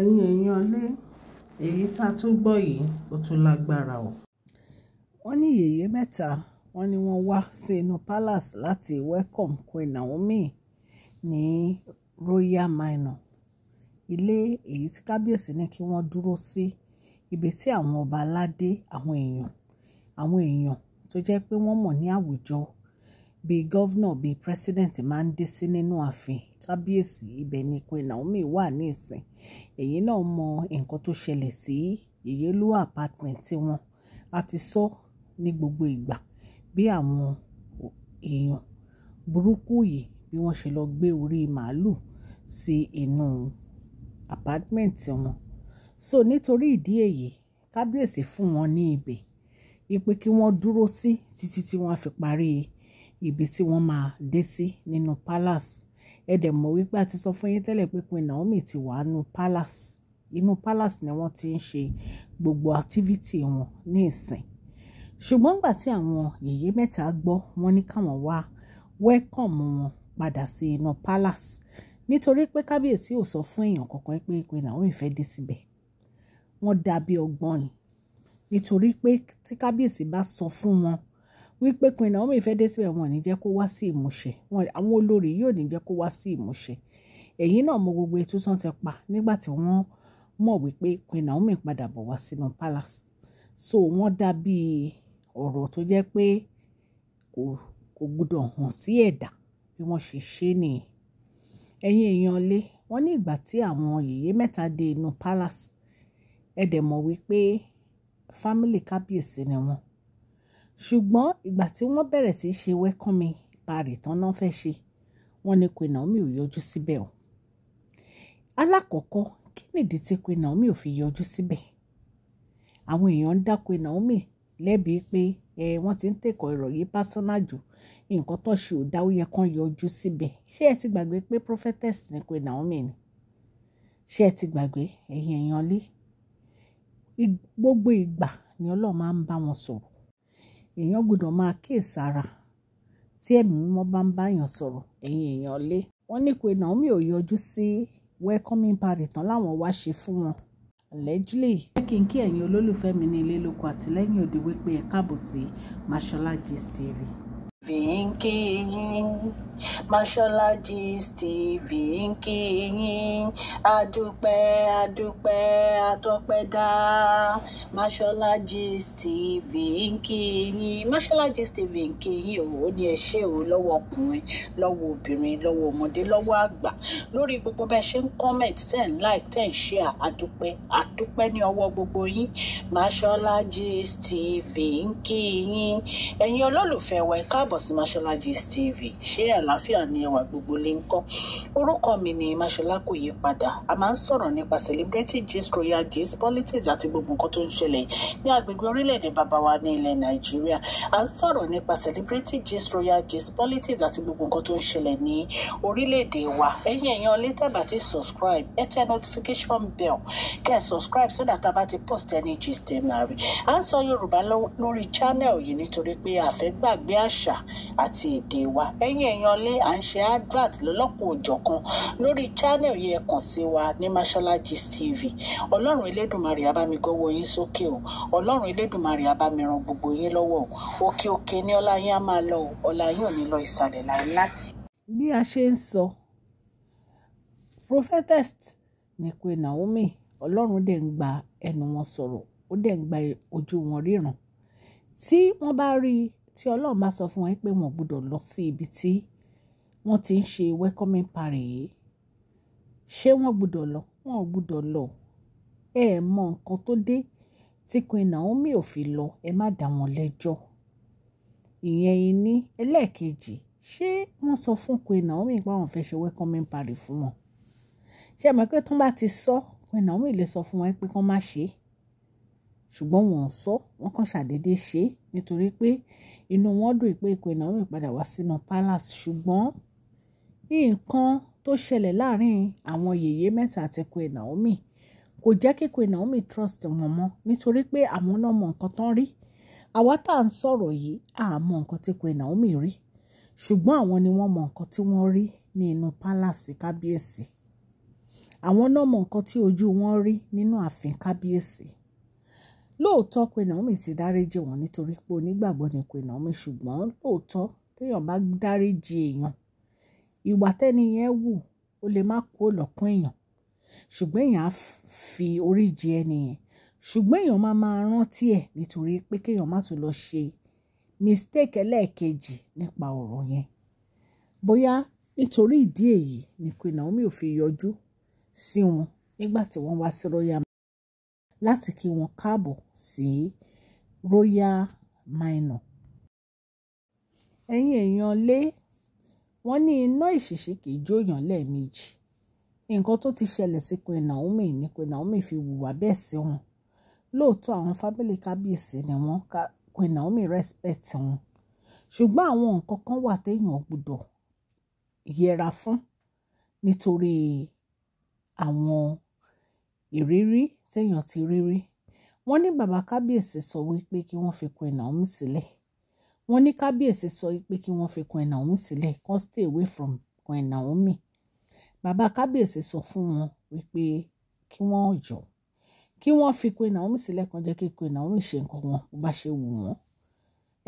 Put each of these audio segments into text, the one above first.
ẹ̀yin èèyàn lé èyí tá a tún gbọ́ yìí ó tún lágbára o. wọ́n ní yèyé mẹ́ta wọ́n ní wọ́n wá sí inú palace láti welcome Queen Naomi ní Royal Manor ilé èyí tí kábíyèsí ní kí wọ́n dúró sí ibi tí àwọn ọba aládé àwọn èèyàn àwọn èèyàn tó jẹ́ pé wọ́n mọ̀ ní àwùjọ bíi gọ́vnọ̀ bíi president máa ń dé sí nínú ààfin kábíyèsí ibẹ̀ ni Queen Naomi wà ní ìsìn ẹ̀yin náà mọ nǹkan tó ṣẹlẹ̀ sí Yèyélúwà apartment wọn a ti sọ ní gbogbo ìgbà bí àwọn èèyàn burúkú yìí bí wọ́n ṣe lọ gbé orí màálù sí inú apartment wọn so nítorí ìdí èyí kábíyèsí fún wọn ní ibẹ̀ ipe kí wọ́n dúró sí títí tí wọ́n fi parí ibi tí wọ́n máa dé sí nínú palace ẹ dẹ̀ mọ̀ wípé a ti sọ fún yín tẹ́lẹ̀ pé Naomi ti wà nù palace inú palace ni wọ́n ti ń ṣe gbogbo activity wọn ní ìsìn ṣùgbọ́n nígbà tí àwọn yèyé mẹ́ta gbọ́ wọ́n ní káwọn wá welcome wọn padà sí inú palace nítorí pé kábíyèsí ò sọ fún èèyàn kankan pé Queen Naomi fẹ́ dé síbẹ̀ wọ́n dàbí ọgbọ́n ni nítorí pé tí kábíyèsí bá sọ fún wọn wípé Queen Naomi fẹ́ dé síbẹ̀ wọn ò ní jẹ́ kó wá sí ìmúṣẹ àwọn olórí yóò ní jẹ́ kó wá sí ìmúṣẹ èyí náà mo gbogbo ètò tán ti pa nígbà tí wọ́n mọ̀ wípé Queen Naomi padà bọ̀ wá sínú palace so wọ́n dá bíi ọ̀rọ̀ tó jẹ́ pé kò kò gbọdọ̀ hàn sí ẹ̀dá bí wọ́n ṣe ṣe nìyẹn ẹ̀yin èèyàn lé wọ́n ní ìgbà tí àwọn yèyé mẹ́ta dé inú palace ẹ̀dẹ̀ mọ̀ wípé fámìlì kábíyèsí ni wọ́n ṣùgbọ́n ìgbà tí wọ́n bẹ̀rẹ̀ sí í ṣe welcome party tán náà fẹ́ ṣe wọ́n ní Queen Naomi ò yọjú síbẹ̀ o alákọ̀ọ́kọ́ kí nìdí tí Queen Naomi ò fi yọjú síbẹ̀ àwọn èèyàn ń dá Queen Naomi lẹ́bi pé eh, wọ́n ti ń tẹ̀kọ̀ ọ̀rọ̀ yìí personal jù nǹkan tó ṣe ò dáwó yẹ kán yọjú síbẹ̀ ṣé ẹ ti gbàgbé pé prophetess ni Queen Naomi ni ṣé ẹ ti gbàgbé ẹ̀yin èèyàn lé gbogbo ìgbà ni Ọlọ́run máa ń bá wọn sọ̀rọ̀ èèyàn gbọ́dọ̀ máa kíyèsára tí ẹ̀mí mímọ́ bá ń báyàn sọ̀rọ̀ ẹ̀yin èèyàn lé wọ́n ní pé Naomi ò yọjú sí welcoming party tán láwọn wá ṣe fún wọn allegedly jẹ́ kí n kí ẹ̀yin olólùfẹ́ mi ní ilé lóko àtìlẹ́yìn òde wípé ẹ káàbọ̀ sí Mashola Gist TV. Vinkiyin, Mashola Gist TV adúpẹ́ adúpẹ́ atọ́pẹ́ Mashola Gist TV ń kí yín Mashola Gist TV ń o ni ní ẹ ṣé o lọ́wọ́ ọkùnrin lọ́wọ́ obìnrin lọ́wọ́ ọmọdé lọ́wọ́ àgbà lórí gbogbo bẹ́ẹ̀ ṣe ń comment tẹ̀ like tẹ̀ share àdúpẹ́ àdúpẹ́ ní ọwọ́ gbogbo yín Mashola Gist TV ń kí yín ẹ̀yin olólùfẹ́ wa ẹ káàbọ̀ sí Mashola Gist TV ṣé àlàáfíà ni ẹwà gbogbo lè ń kọ́ orúkọ mi ni Mashola kò yí padà a máa ń sọ̀rọ̀ nípa celebrity gist royal gist politics àti gbogbo nǹkan tó ń ṣẹlẹ̀ ní agbègbè orílẹ̀-èdè bàbá wa ní ilẹ̀ nàìjíríà à ń sọ̀rọ̀ nípa celebrity gist royal gist politics àti gbogbo nǹkan tó ń ṣẹlẹ̀ ní orílẹ̀-èdè wa ẹ̀yin èèyàn ilé ti subscribe ẹ tẹ notification bell kẹ́ ẹ subscribe sódà tá a bá ti post ẹni gist ẹ̀ máa rí à ń sọ yorùbá lórí channel yìí nítorí pé a fẹ́ gbàgbé àṣà àti èdè wa ẹ̀yin èèyàn ilé à ń ṣe advert lọ́lọ́kùn òjọ̀kan lórí channel yìí ẹ kàn sí wa ní mashola gist tv ọlọ́run elédùnmarè abamigọ́wọ́ yín sókè òkè o ọlọ́run elédùnmarè á gbogbo yín lọ́wọ́ òkè òkè ni ọlá yín á máa lọ o ọlá yín ò ní lọ ìsàlẹ̀ láéláé. bí a ṣe ń sọ prophetess ni pé Naomi ọlọ́run dẹ̀ ń gba ẹnu wọn sọ̀rọ̀ ó dẹ̀ ń gba ojú wọn ríran tí wọ́n bá rí i tí ọlọ́run bá sọ fún wọn pé wọ́n gbọ́dọ̀ lọ sí ibi tí wọ́n ti ń ṣe welcoming party yìí ṣé wọ́n gbọ́dọ̀ lọ wọ́n ò gbọ́dọ̀ lọ ẹ mọ nǹkan tó dé tí Queen Naomi ò fi lọ ẹ má dá wọn lẹ́jọ́ ìyẹn ìní ẹlẹ́ẹ̀kejì ṣé wọ́n sọ fún Queen Naomi pé àwọn fẹ́ ṣe welcoming party fún wọn ṣé mọ̀ pé tó bá ti sọ Queen Naomi lè sọ fún wọn pé kán má ṣe é ṣùgbọ́n wọn ò sọ wọn kàn ṣàdédé ṣe é nítorí pé inú wọn dùn pé Queen Naomi padà wá sínú palace ṣùgbọ́n nǹkan tó ṣẹlẹ̀ láàrin àwọn yèyé mẹ́ta àti Queen Naomi kò jẹ́ kí Naomi trust wọn mọ́ nítorí pé àwọn náà mọ nǹkan tán rí àwa tá à ń sọ̀rọ̀ yìí à mọ nǹkan tí Queen Naomi rí ṣùgbọ́n àwọn ni wọ́n mọ nǹkan tí wọ́n rí ní inú pálàsì kábíyèsí àwọn náà mọ nǹkan tí ojú wọn rí nínú ààfin kábíyèsí lóòótọ́ Queen Naomi ti dáríjì wọn nítorí pé onígbàgbọ́ ni Queen Naomi ṣùgbọ́n lóòótọ́ téèyàn bá dáríjì èèyàn ìwà tẹ́ni yẹn wù ó lè má kú òlọ́kùn èèyàn ṣùgbọ́n èèyàn á fi orí jẹ ẹni yẹn ṣùgbọ́n èèyàn máa máa rántí ẹ̀ nítorí pé kéèyàn má tún lọ ṣe mistake ẹlẹ́ẹ̀kejì nípa ọ̀rọ̀ yẹn bóyá nítorí ìdí èyí ni Queen Naomi ò fi yọjú sí wọn nígbà tí wọ́n wá sí royal láti kí wọn káàbọ̀ sí royal minor ẹ̀yin èèyàn lé wọ́n ní iná ìṣìṣì kì í jóyàn lẹ́ẹ̀mejì nǹkan tó ti ṣẹlẹ̀ sí Queen Naomi ni Queen Naomi fi hùwà bẹ́ẹ̀ sí wọn lóòótọ́ àwọn fámìlì kábíyèsí ni wọ́n Queen Naomi respect wọn ṣùgbọ́n àwọn nǹkan kan wà téèyàn gbọ́dọ̀ yẹra fún nítorí àwọn ìrírí téèyàn ti rírí wọ́n ní bàbá kábíyèsí sọ wípé kí wọ́n fi Queen Naomi sílẹ̀ wọ́n ní kábíyèsí sọ wípé kí wọ́n fi Queen Naomi sílẹ̀ come stay away from Queen Naomi bàbá kábíyèsí sọ fún wọn wípé kí wọ́n jọ kí wọ́n fi Queen Naomi sílẹ̀ kan jẹ́ kí Queen Naomi ṣe nǹkan wọn bó bá ṣe wù wọ́n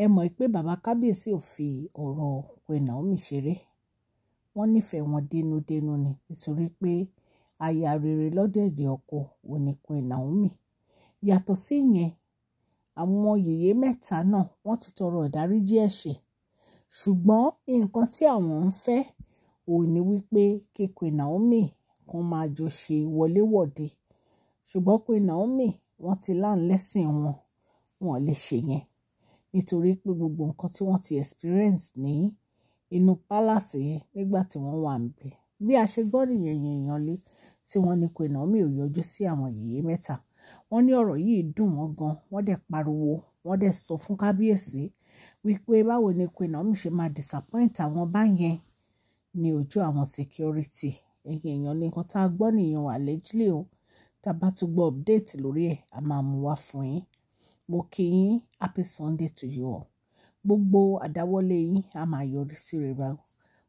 ẹ mọ̀ pé bàbá kábíyèsí ò fi ọ̀rọ̀ Queen Naomi ṣeré wọ́n nífẹ̀ẹ́ wọn dénúdénú ni nítorí pé aya rere lọ́dẹ̀dẹ̀ ọkọ òní Queen Naomi yàtọ̀ sí ìyẹn àwọn yèyé mẹ́ta náà wọ́n ti tọrọ ìdáríjì ẹ̀ṣẹ̀ ṣùgbọ́n nǹkan tí àwọn ń fẹ́ òun ni wípé kí Queen Naomi kan máa jọ ṣe wọléwọ̀de ṣùgbọ́n Queen Naomi wọ́n ti láǹlẹ́sìn wọn wọn lè ṣe yẹn nítorí pé gbogbo nǹkan tí wọ́n ti experience ní inú palace yẹn nígbà tí wọ́n wà ń bẹ bí a ṣe gbọ́ nìyẹn yẹn lé tí wọ́n ní Queen Naomi ò yọjú sí àwọn yèyé mẹ́ta wọ́n ní ọ̀rọ̀ yìí dùn wọ́n gan wọ́n dẹ̀ pariwo wọ́n dẹ̀ sọ fún kábíyèsí wípé báwo ni Queen Naomi ṣe máa disappoint àwọn báyẹn ní ojú àwọn security ẹ̀yin èèyàn ní tá a gbọ́ nìyẹn allegedly o tá a bá tún gbọ́ update lórí ẹ̀ a máa mú wá fún yín mo kí yín happy sunday to you all gbogbo àdáwọ́lé yín a máa yọrí sí rere o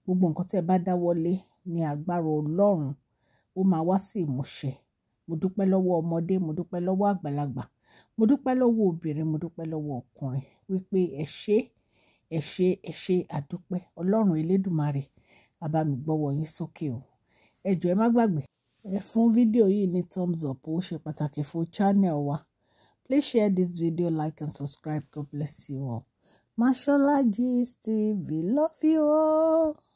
gbogbo nǹkan tẹ́ ẹ bá dáwọ́lé ní agbára ọlọ́run ó máa wá sí ìmúṣẹ mo dúpẹ́ lọ́wọ́ ọmọdé mo dúpẹ́ lọ́wọ́ àgbàlagbà mo dúpẹ́ lọ́wọ́ obìnrin mo dúpẹ́ lọ́wọ́ ọkùnrin wípé ẹ ṣé ẹ ṣé ẹ ṣé àdúpẹ́ ọlọ́run elédùmarè a bá mi yín sókè o ẹ jọ̀ọ́ ẹ má gbàgbé ẹ fún fídíò yìí ní thumbs up ó ṣe pàtàkì fún channel wa please share this video like and subscribe god bless you all Mashola Gist TV love you all.